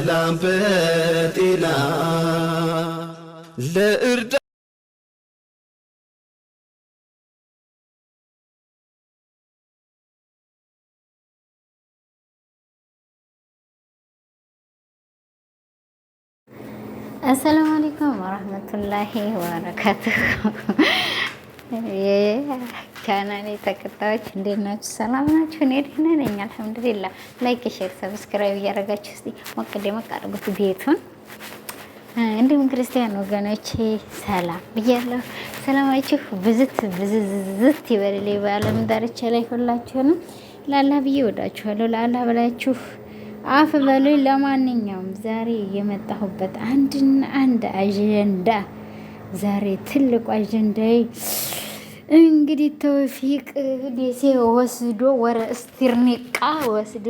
በሰላም በጤና ለእርዳ አሰላሙ አለይኩም ወራህመቱላሂ ወበረካቱሁ። የቻናሌ ተከታዮች እንዴት ናችሁ? ሰላም ናችሁ? እኔ ደህና ነኝ አልሐምዱሊላህ። ላይክ፣ ሼር፣ ሰብስክራይብ እያደረጋችሁ እስቲ ሞቅ ደመቅ አድርጉት ቤቱን። እንዲሁም ክርስቲያን ወገኖቼ ሰላም ብያለሁ። ሰላማችሁ ብዝት ብዝዝዝት ይበልልኝ በዓለም ዳርቻ ላይ ሁላችሁንም ለአላህ ብዬ ወዳችኋለሁ። ለአላህ ብላችሁ አፍ በሉኝ። ለማንኛውም ዛሬ የመጣሁበት አንድና አንድ አጀንዳ ዛሬ ትልቁ አጀንዳዬ እንግዲህ ተውፊቅ ደሴ ወስዶ ወረ እስቲርኒቃ ወስዶ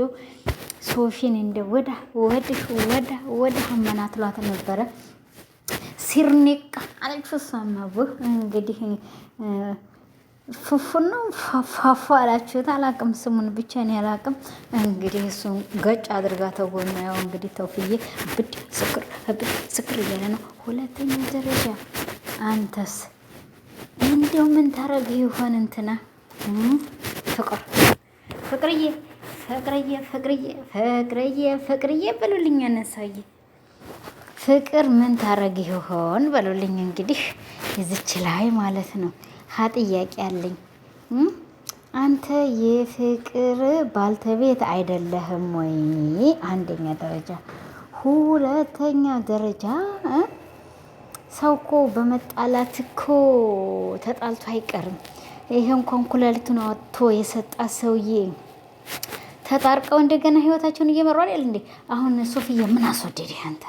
ሶፊን እንደ ወዳ ወድሽ ወዳ ወዳ ትሏት ነበረ። ሲርኒቃ አለች። እሷማ እንግዲህ ፉፉን ነው ፋፉ አላችሁት። አላቅም ስሙን ብቻ እኔ አላቅም። እንግዲህ እሱን ገጭ አድርጋ ተጎና፣ ያው እንግዲህ ተውፍዬ ብድ ስክር ብድ ስክር እያለ ነው። ሁለተኛ ደረጃ አንተስ እንደው ምን ታረግ ይሆን እንትና ፍቅር ፍቅርዬ ፍቅርዬ ፍቅርዬ ፍቅርዬ ፍቅርዬ በሉልኝ አነሳዬ ፍቅር ምን ታረግ ይሆን በሉልኝ። እንግዲህ እዚች ላይ ማለት ነው ሀ ጥያቄ አለኝ። አንተ የፍቅር ባልተቤት አይደለህም ወይ? አንደኛ ደረጃ ሁለተኛ ደረጃ ሰው እኮ በመጣላት እኮ ተጣልቶ አይቀርም። ይሄ እንኳን ኩላሊቱን አወጥቶ የሰጣት ሰውዬ ተጣርቀው እንደገና ህይወታቸውን እየመሩ አይደል እንዴ? አሁን ሶፍያ ምን አስወደደ አንተ?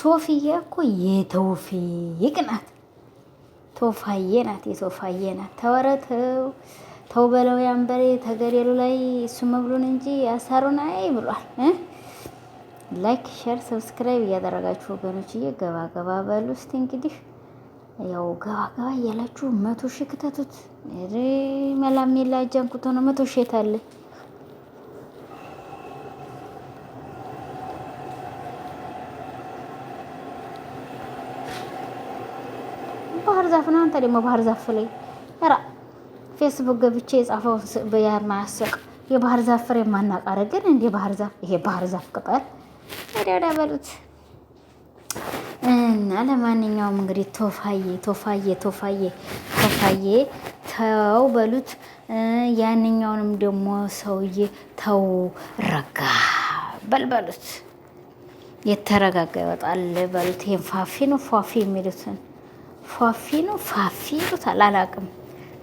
ሶፍያ እኮ የተውፊቅ ናት፣ ቶፋዬ ናት፣ የቶፋዬ ናት። ተወረተው ተው በለው ያንበሬ ተገደሉ ላይ እሱ መብሉን እንጂ አሳሩን አይ ብሏል። ላይክ ሸር ሰብስክራይብ እያደረጋችሁ ወገኖችዬ ገባ ገባ በሉ። እስቲ እንግዲህ ያው ገባ ገባ እያላችሁ መቶ ሺህ ክተቱት። መላም የለ አጃንኩት ሆነ መቶ ሺህ የታለ? ባህር ዛፍ ነው። አንተ ደግሞ ባህር ዛፍ ላይ ኧረ ፌስቡክ ገብቼ የጻፈውን በያ የማያሰቅ የባህር ዛፍ ፍሬ የማናቃረ ግን እንደ ባህር ዛፍ ይሄ ባህር ዛፍ ቅጠል ወደ ወደ በሉት እና ለማንኛውም እንግዲህ ቶፋዬ ቶፋዬ ቶፋዬ ቶፋዬ ተው በሉት። ያንኛውንም ደግሞ ሰውዬ ተው ረጋ በል የተረጋጋ ይወጣል በሉት። ይሄን ፋፊ ነው ፏፊ የሚሉትን ፏፊ ነው ፋፊ ይሉታል አላቅም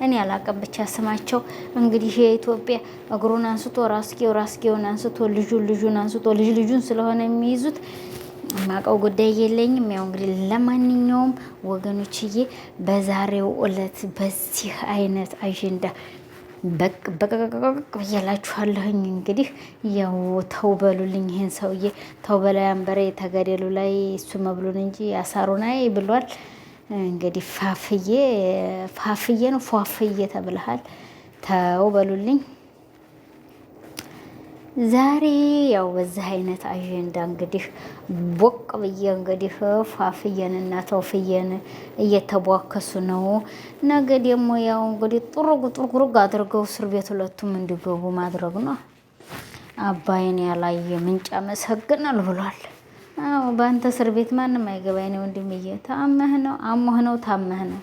እኔ አላቀም ብቻ ስማቸው እንግዲህ የኢትዮጵያ እግሩን አንስቶ ራስጌው ራስጌውን አንስቶ ልጁን ልጁን አንስቶ ልጅ ልጁን ስለሆነ የሚይዙት የማውቀው ጉዳይ የለኝም። ያው እንግዲህ ለማንኛውም ወገኖችዬ በዛሬው እለት በዚህ አይነት አጀንዳ በቀቀቀቅ ብያላችኋለሁኝ። እንግዲህ ያው ተው በሉልኝ፣ ይህን ሰውዬ ተው በላይ አንበሬ ተገደሉ ላይ እሱ መብሉን እንጂ አሳሩን አይ ብሏል። እንግዲህ ፋፍዬ ፋፍዬ ነው ፏፍዬ ተብለሃል። ተው በሉልኝ። ዛሬ ያው በዚህ አይነት አጀንዳ እንግዲህ ቦቅ ብዬ እንግዲህ ፋፍየን እና ተውፍየን እየተቧከሱ ነው። ነገ ደግሞ ያው እንግዲህ ጥሩግ ጥሩግ አድርገው እስር ቤት ሁለቱም እንዲገቡ ማድረግ ነው። አባይን ያላየ ምንጭ ያመሰግናል ብሏል። አዎ በአንተ እስር ቤት ማንም አይገባኝ ነው ወንድምዬ። ታመህ ነው አሞህ ነው ታመህ ነው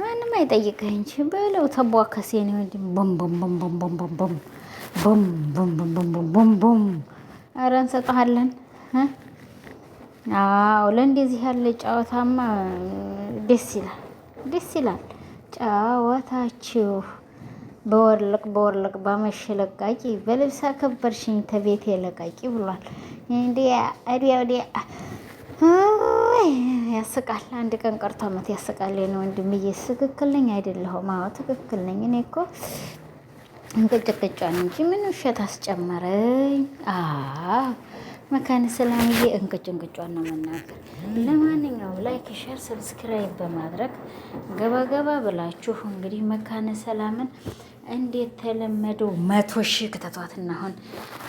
ማንም አይጠይቅህ እንጂ በለው ተቧከስ። የኔ ወንድም ቦም ቦም ቦም ቦም ቦም ቦም ቦም ቦም ቦም ቦም ቦም ቦም ቦም ቦም ኧረ እንሰጥሃለን። አዎ ለእንደዚህ ያለ ጨዋታማ ደስ ይላል፣ ደስ ይላል ጨዋታችሁ በወርልቅ በወርልቅ ባመሽ ለቃቂ በልብስ አከበርሽኝ ተቤቴ ለቃቂ ብሏል። እንዲያ እዲያ ወዲያ ያስቃል። አንድ ቀን ቀርቶ አመት ያስቃል። ነው ወንድምዬ፣ ትክክል ነኝ አይደለሁም? አዎ ትክክል ነኝ። እኔ እኮ እንቅጭቅጫን እንጂ ምን ውሸት አስጨመረኝ? መካነ ሰላምዬ እንቅጭ እንቅጫን ነው መናገር። ለማንኛውም ላይክ፣ ሸር፣ ሰብስክራይብ በማድረግ ገባ ገባ ብላችሁ እንግዲህ መካነ ሰላምን እንዴት ተለመደው መቶ ሺህ ክተቷትና አሁን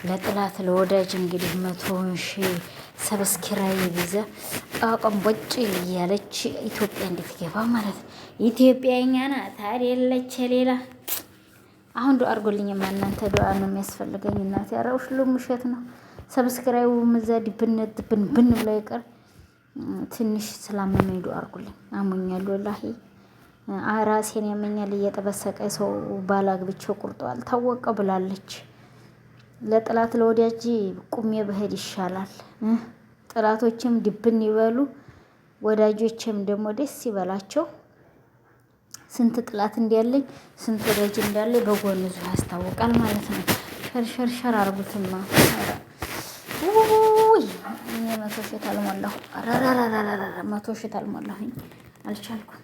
ለጥላት ለወዳጅ እንግዲህ መቶ ሺህ ሰብስክራይብ ይዘ አቋም ቦጭ እያለች ኢትዮጵያ እንዴት ገባ ማለት ኢትዮጵያኛ ናት አይደለች ሌላ አሁን ዱአ አድርጎልኝማ እናንተ ዱአ ነው የሚያስፈልገኝ እናት ያራው ሁሉም ውሸት ነው ሰብስክራይቡ ምዘድ ዲብነት ድብን ብን ብሎ ይቀር ትንሽ ስላመመኝ ዱአ አድርጉልኝ አሞኛል ወላሂ ራሴን ያመኛል እየጠበሰቀ ሰው ባላግብቼ ቁርጦ አልታወቀ ብላለች። ለጥላት ለወዳጅ ቁሜ ብሄድ ይሻላል። ጥላቶችም ድብን ይበሉ፣ ወዳጆችም ደግሞ ደስ ይበላቸው። ስንት ጥላት እንዳለኝ ስንት ወዳጅ እንዳለ በጎን ዙ ያስታውቃል ማለት ነው። ሸርሸርሸር አርጉትማ ውይ መቶ ሽት አልሞላሁ መቶ ሽት አልሞላሁኝ አልቻልኩም።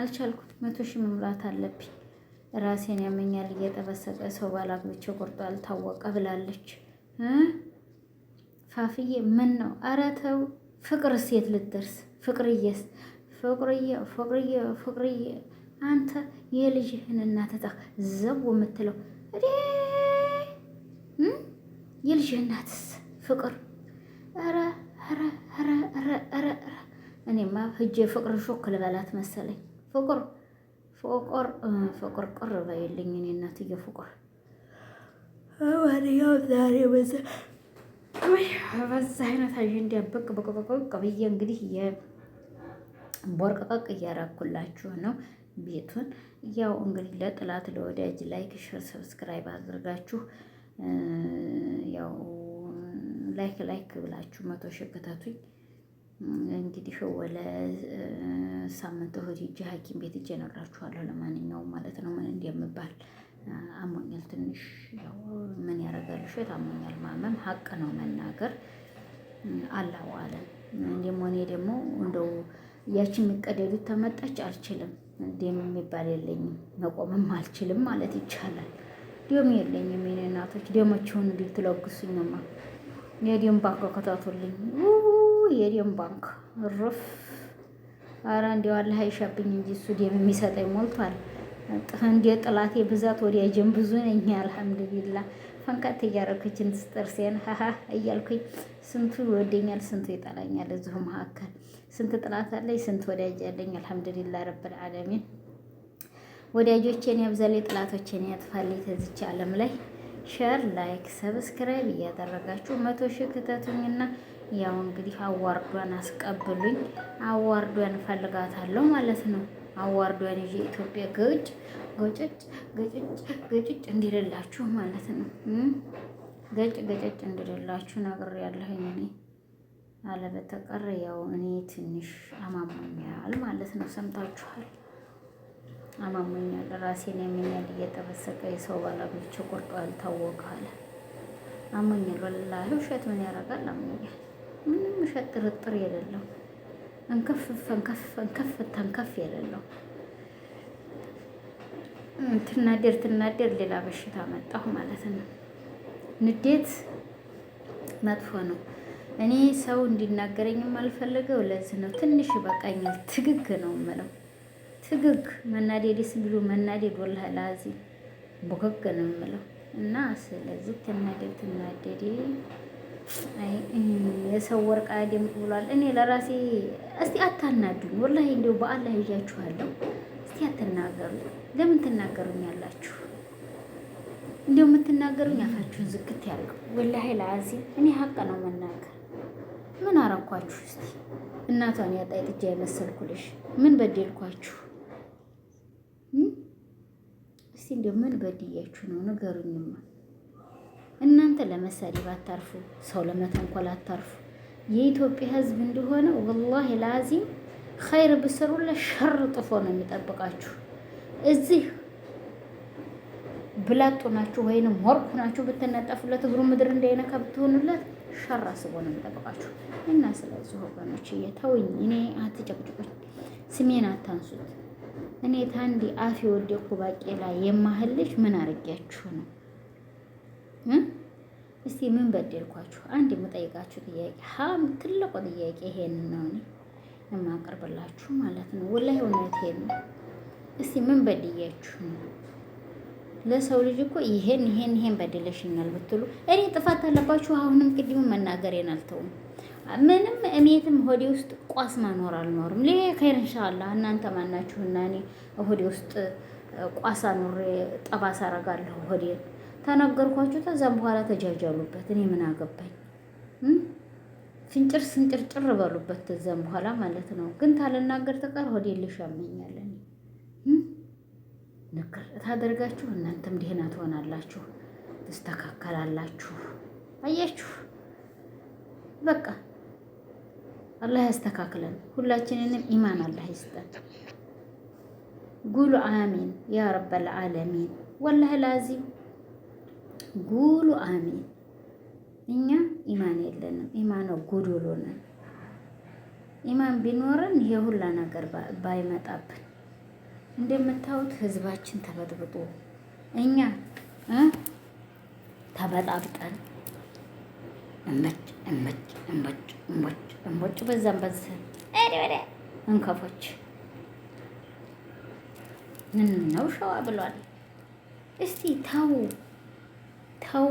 አልቻልኩት። መቶ ሺህ መምራት አለብኝ። ራሴን ያመኛል እየጠበሰቀ ሰው ባላግብቼ ቁርጦ አልታወቀ ብላለች። ፋፍዬ ምን ነው? ኧረ ተው ፍቅር ሴት ልትደርስ ፍቅርዬስ ፍቅርዬ ፍቅርዬ ፍቅርዬ አንተ የልጅህን እናት እጣ ዘው የምትለው የልጅህ እናትስ ፍቅር ኧረ እኔማ ህጄ ፍቅር ሹክ ልበላት መሰለኝ። ፍቁር ፍቁር ፍቁር ቁር በይልኝ እኔ እናትዬ ፍቁር። ማንኛውም ዛሬ በዛ በዛ አይነት አጀንዳ ብቅ ብቅ ብቅ ብዬ እንግዲህ የቦርቀቀቅ እያረኩላችሁ ነው ቤቱን ያው እንግዲህ ለጥላት ለወዳጅ ላይክ ሸር ሰብስክራይብ አድርጋችሁ ያው ላይክ ላይክ ብላችሁ መቶ ሸከታቱኝ እንግዲህ ወለ ሳምንት እሑድ ሂጅ ሐኪም ቤት ሂጅ እነግራችኋለሁ። ለማንኛውም ማለት ነው ምን እንደምባል አሞኛል። ትንሽ ያው ምን ያደርጋል እሸት አሞኛል። ማመም ሀቅ ነው መናገር አላው አለ እንዲም ሆኔ ደግሞ እንደው ያቺ የሚቀደዱት ተመጣች አልችልም። ደም የሚባል የለኝም መቆምም አልችልም ማለት ይቻላል። ደም የለኝም። የኔ እናቶች ደማችሁን እንዲህ ትለግሱኝማ የደም ባንክ ከታቶልኝ የደም ባንክ ሩፍ አረ እንዲያው አላህ አይሻብኝ እንጂ እሱ ደም የሚሰጠኝ ሞልቷል። እንደ ጥላቴ ብዛት ወዲያጅም ብዙ ነኝ። አልሐምዱሊላ ፈንካት እያረከችን ስጠርሴን ሀሀ እያልኩኝ ስንቱ ይወደኛል፣ ስንቱ ይጠላኛል። እዚሁ መካከል ስንት ጥላት አለኝ፣ ስንት ወዳጅ አለኝ። አልሐምዱሊላ ረብል ዓለሚን ወዳጆቼን ያብዛልኝ፣ ጥላቶቼን ያጥፋልኝ። ተዝቼ ዓለም ላይ ሸር ላይክ ሰብስክራይብ እያደረጋችሁ መቶ ሺህ ክተቱኝና ያው እንግዲህ አዋርዷን አስቀብሉኝ፣ አዋርዷን ፈልጋታለሁ ማለት ነው። አዋርዷን ይዤ ኢትዮጵያ ግጭ ገጭጭ ገጭጭ ገጭጭ እንዲልላችሁ ማለት ነው። ገጭ ገጭጭ ነገር ያለኝ እኔ። አለበተቀር ያው እኔ ትንሽ አማሞኛል ማለት ነው። ሰምታችኋል። አማሞኛል ራሴን የሚያል እየጠበሰቀ የሰው ባላጎች ቁርጦ ያልታወቀ አለ። አሞኛል። ወላሂ ውሸት ምን ያደርጋል? አሞኛል ምንም ውሸት ጥርጥር የሌለው እንከፍ እንከፍ እንከፍ ተንከፍ የሌለው ትናደር ትናደር ሌላ በሽታ መጣሁ ማለት ነው። ንዴት መጥፎ ነው። እኔ ሰው እንዲናገረኝ የማልፈልገው ለዚህ ነው። ትንሽ ይበቃኛል። ትግግ ነው የምለው። ትግግ መናደድ ደስ ቢሉ መናደድ ወላሂ ላዚ ቦገግ ነው የምለው እና ስለዚህ ትናደድ ትናደድ የሰው ወርቅ አያደምቅ ብሏል። እኔ ለራሴ እስቲ አታናዱኝ፣ ወላሂ እንዲሁ በአላህ ይዣችኋለሁ። እስቲ አትናገሩ። ለምን ትናገሩኝ ያላችሁ? እንዲሁ የምትናገሩኝ አፋችሁን ዝግት ያለው ወላሂ ለአዚ እኔ ሀቅ ነው መናገር። ምን አረኳችሁ? እስቲ እናቷን ያጣይ ጥጃ የመሰልኩልሽ ምን በደልኳችሁ? እስቲ እንዲሁ ምን በድያችሁ ነው ንገሩኝማ። እናንተ ለመሳደብ አታርፉ፣ ሰው ለመተንኮል አታርፉ። የኢትዮጵያ ሕዝብ እንደሆነ ወላሂ ላዚም ኸይር ብሰሩለት ሸር ጥፎ ነው የሚጠብቃችሁ። እዚህ ብላጡ ናችሁ ወይንም ወርቁ ናችሁ ብትነጠፉለት እግሩ ምድር እንዳይነካ ብትሆኑለት ሸር አስቦ ነው የሚጠብቃችሁ። እና ስለዚህ ወገኖች እየተውኝ እኔ አትጨቅጭቁኝ፣ ስሜን አታንሱት። እኔ ታንዲ አፍ የወደኩ ባቄላ የማህል ልጅ ምን አርጊያችሁ ነው? እስቲ ምን በደልኳችሁ? አንድ የምጠይቃችሁ ጥያቄ ሀም ትልቁ ጥያቄ ይሄን ነው እኔ የማቀርብላችሁ ማለት ነው። ወላሂ እውነት ነው። እስቲ ምን በድያችሁ ነው? ለሰው ልጅ እኮ ይሄን ይሄን ይሄን በደለሽኛል ብትሉ እኔ ጥፋት አለባችሁ። አሁንም ቅድም መናገሬን አልተውም። ምንም እሜትም ሆዴ ውስጥ ቋስ ማኖር አልኖርም። ሌ ከይር ኢንሻአላህ እናንተ ማናችሁና እኔ ሆዴ ውስጥ ቋስ አኖሬ ጠባሳ አረጋለሁ ሆዴ ተነገርኳችሁ። ከዛም በኋላ ተጃጃሉበት። እኔ ምን አገባኝ? ፍንጭር ስንጭር ጭር በሉበት። ከዛም በኋላ ማለት ነው። ግን ታልናገር ተቀር ሆዴ ልሻመኛለን ንክር ታደርጋችሁ። እናንተም ደህና ትሆናላችሁ፣ ትስተካከላላችሁ። አያችሁ በቃ አላህ ያስተካክለን። ሁላችንንም ኢማን አላህ ይስጠን። ጉሉ አሚን ያ ረበል ዓለሚን ወላህ ላዚም ጉሉ አሚን። እኛ ኢማን የለንም። ኢማን ጉዱሉ ነን። ኢማን ቢኖረን ይሄ ሁላ ነገር ባይመጣብን። እንደምታዩት ህዝባችን ተበጥብጦ እኛ ተበጣብጠን እመጭ እመጭ እመጭ እመጭ እመጭ በዛም በዚህ እንከፎች ምን ነው ሸዋ ብሏል። እስቲ ተው። ተው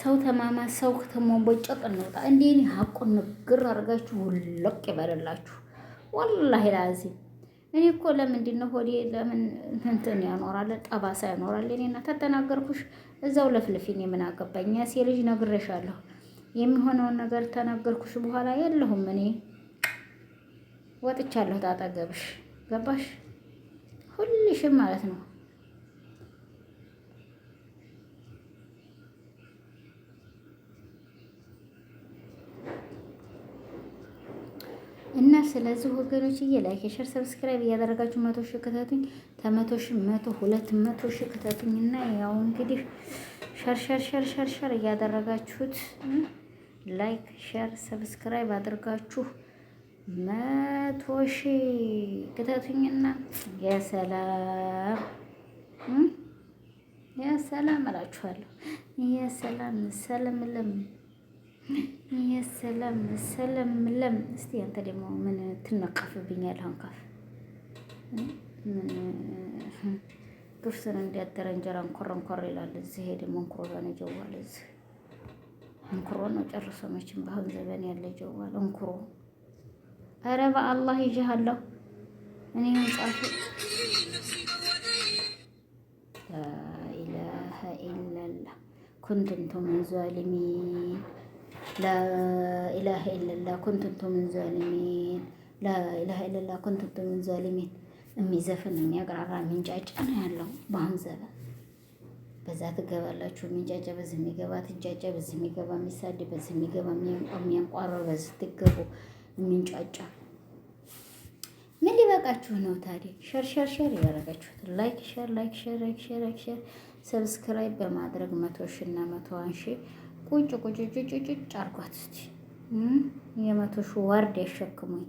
ሰው ተማማ ሰው ከተሞ በጨቅ እንውጣ። እንዴ እኔ ሀቁን ንግር አድርጋችሁ ሁለቅ ይበለላችሁ። ወላሂ ላዚም እኔ እኮ ለምንድን ነው ሆዴ ለምን እንትን ያኖራል ጠባሳ ያኖራል? እኔና ተተናገርኩሽ እዛው ለፍልፊ። እኔ ምን አገባኝ? ያሴ ልጅ ነግሬሻለሁ። የሚሆነውን ነገር ተናገርኩሽ በኋላ የለሁም እኔ ወጥቻለሁ ታጠገብሽ ገባሽ? ሁልሽም ማለት ነው እና ስለዚህ ወገኖች ላይክ ሸር ሰብስክራይብ እያደረጋችሁ መቶ ሺ ክተቱኝ ተመቶ ሺ መቶ ሁለት መቶ ሺ ክተቱኝ እና ያው እንግዲህ ሸር ሸር ሸር ሸር ሸር እያደረጋችሁት ላይክ ሸር ሰብስክራይብ አድርጋችሁ መቶ ሺህ ክተቱኝና የሰላም የሰላም እላችኋለሁ የሰላም ሰላም ለም የሰላም ሰላም ለም እስቲ አንተ ደግሞ ምን ትነቀፍብኛለህ? አንካፍ ምን ግፍትን እንዲያደረ እንጀራ እንኮረ እንኮረ ይላል። እዚህ ይሄ ደግሞ እንኩሮ ነው ጀዋል። እዚህ እንኩሮ ነው ጨርሶ። መቼም በአሁን ዘበን ያለ ጀዋል እንኩሮ። ኧረ በአላህ ይዤሃለሁ እኔ ህንጻቱ ላኢላሀ ኢለላህ ኩንትንቱ ዛሊሚን ላኢላሀ ኢለላ ኩንቱንቱ ምን ዛሊሚን ላኢላሀ ኢለላ ኩንቱንቱ ምን ዛሊሚን የሚዘፍን የሚያቅራራ የሚንጫጫ ነው ያለው በአሁን ዘመን። በዛ ትገባላችሁ የሚንጫጫ በዚህ የሚገባ ትንጫጫ በዚህ የሚገባ የሚሳደብ በዚህ የሚገባ የሚያንቋረር በዚህ ትገቡ የሚንጫጫ ምን ሊበቃችሁ ነው ታዲያ? ሸር ሸር ሸር ያደረጋችሁት ላይክ ሸር ላይክ ሸር ላይክ ሸር ላይክ ሸር ሰብስክራይብ በማድረግ መቶ ሺ እና መቶ አንሺ ቁጭ ቁጭ ቁጭ ቁጭ አርጓት እስቲ የመቶ ሺ ወርድ ያሸክሙኝ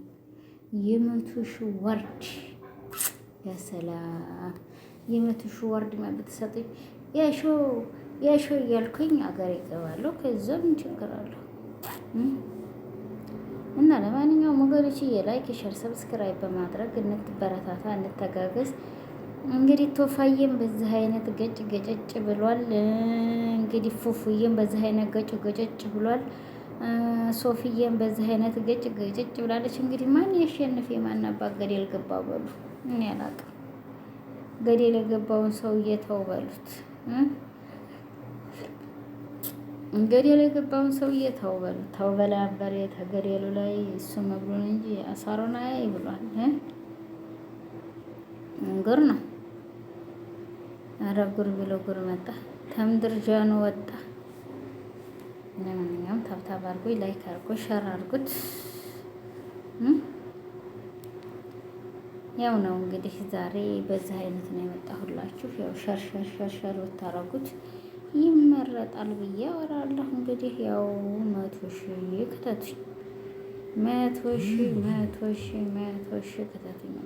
የመቶ ሺ ወርድ ያሰላም የመቶ ሺ ወርድ ብትሰጥኝ ያሾ ያሾ እያልኩኝ አገር ይገባለሁ። ከዛም ምን ችግር አለሁ? እና ለማንኛውም ወገኖች የላይክ ሸር ሰብስክራይብ በማድረግ እንትበረታታ እንድተጋገዝ እንግዲህ ቶፋዬም በዚህ አይነት ገጭ ገጨጭ ብሏል። እንግዲህ ፉፉዬም በዚህ አይነት ገጭ ገጨጭ ብሏል። ሶፊዬም በዚህ አይነት ገጭ ገጨጭ ብላለች። እንግዲህ ማን ያሸንፍ የማን አባት ገደል ገባ በሉ። እኔ አላውቅም። ገደል የገባውን ሰውዬ ተው በሉት። ገደል የገባውን ሰውዬ ተው በሉት። ተው በላ በሬ ተገደሉ ላይ እሱ መብሉን እንጂ አሳሩን አይ ብሏል። እንግር ነው አረ ጉር ብሎ ጉር መጣ። ተምድር ጃኑ ወጣ። ለማንኛውም ታብታብ አርጎ ላይክ አድርጎ ሸር አርጉት። ያው ነው እንግዲህ ዛሬ በዚህ አይነት ነው የመጣሁላችሁ። ያው ሸር ሸር ሸር ሸር ብታረጉት ይመረጣል ብዬ አወራለሁ። እንግዲህ ያው መቶ ሺህ ክተቱኝ፣ መቶ ሺህ መቶ ሺህ መቶ ሺህ ክተቱኝ።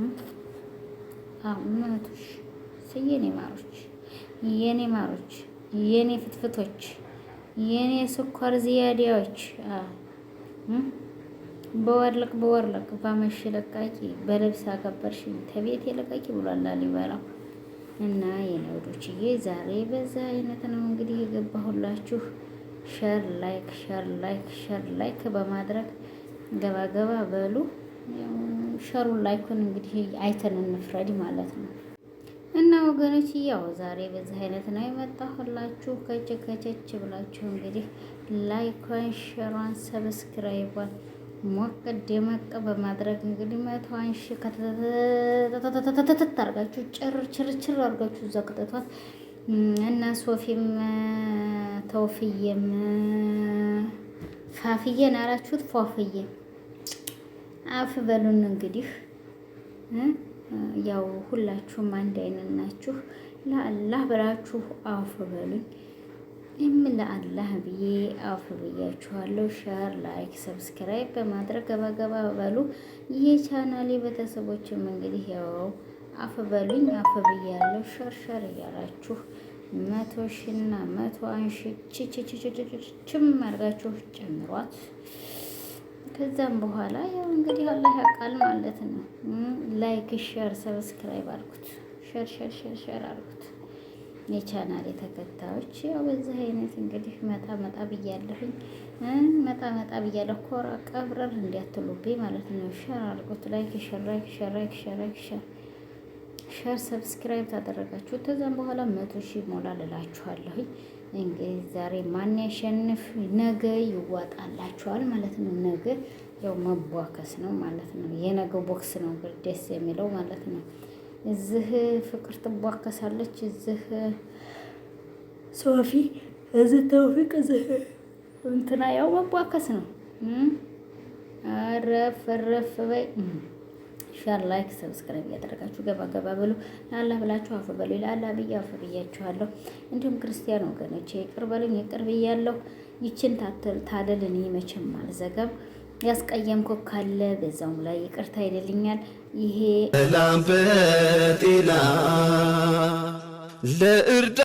መቶ ሺህ የኔ ማሮች፣ የኔ ማሮች፣ የኔ ፍትፍቶች፣ የኔ ስኳር ዝያዳዎች በወርልቅ በወርልቅ ባመሽ ለቃቂ በልብስ አከበርሽ ተቤት የለቃቂ ብሏል ላሊበላው እና የነውዶች ወዶችዬ ዛሬ በዛ አይነት ነው እንግዲህ የገባሁላችሁ። ሸር ላይክ፣ ሸር ላይክ፣ ሸር ላይክ በማድረግ ገባ ገባ በሉ። ሸሩን ላይኩን እንግዲህ አይተን እንፍረድ ማለት ነው። እና ወገኖች ያው ዛሬ በዚህ አይነት ነው የመጣሁላችሁ። ከች ከቸች ብላችሁ እንግዲህ ላይኳን፣ ሸሯን፣ ሰብስክራይቧን ሞቅ ደመቅ በማድረግ እንግዲህ መተዋን ሺ አርጋችሁ ጭር ችር ችር አርጋችሁ እና ሶፊም ተውፍዬም ፋፍዬን አላችሁት ፏፍዬ አፍ በሉን እንግዲህ ያው ሁላችሁም አንድ አይነት ናችሁ። ለአላህ ብላችሁ አፍ በሉኝ። ይህም ለአላህ ብዬ አፍ ብያችኋለሁ። ሸር፣ ላይክ፣ ሰብስክራይብ በማድረግ ገባገባ በሉ የቻናሌ ቤተሰቦችም እንግዲህ ያው አፍ በሉኝ። አፍ ብያለሁ። ሸር ሸር እያላችሁ መቶ ሺና መቶ አንሺ ችችችችችችም አድርጋችሁ ጨምሯት። ከዛም በኋላ ያው እንግዲህ አላህ ያውቃል ማለት ነው። ላይክ ሼር፣ ሰብስክራይብ አልኩት። ሼር ሼር ሼር ሸር አልኩት። የቻናል የተከታዮች ያው በዚህ አይነት እንግዲህ መጣ መጣ ብያለሁኝ፣ መጣ መጣ ብያለሁ። ኮራ ቀብረር እንዲያትሉብኝ ማለት ነው። ሸር አድርጉት። ላይክ ሸር፣ ላይክ ሸር፣ ላይክ ሸር፣ ላይክ ሸር ሸር ሰብስክራይብ ታደረጋችሁ። ከዛም በኋላ መቶ ሺህ ሞላ ልላችኋለሁኝ። እንግዲህ ዛሬ ማን ያሸንፍ ነገ ይዋጣላቸዋል ማለት ነው። ነገ ያው መቧከስ ነው ማለት ነው። የነገው ቦክስ ነው እንግዲህ ደስ የሚለው ማለት ነው። እዚህ ፍቅር ትቧከሳለች፣ እዚህ ሶፊ፣ እዚህ ተውፊቅ፣ እዚህ እንትና ያው መቧከስ ነው። እረፍ እረፍ በይ ሼር፣ ላይክ፣ ሰብስክራይብ እያደረጋችሁ ገባ ገባ ብሎ ለአላህ ብላችሁ አፉ በሉ። ለአላህ ብዬ አፉ ብያችኋለሁ። እንዲሁም ክርስቲያን ወገኖቼ ይቅር በሉኝ፣ ይቅር ብያለሁ። ይችን ታደል እኔ መቼም አልዘጋም። ያስቀየምኩ ካለ በዛውም ላይ ይቅርታ ይደልኛል። ይሄ ላምበጤና ለእርዳ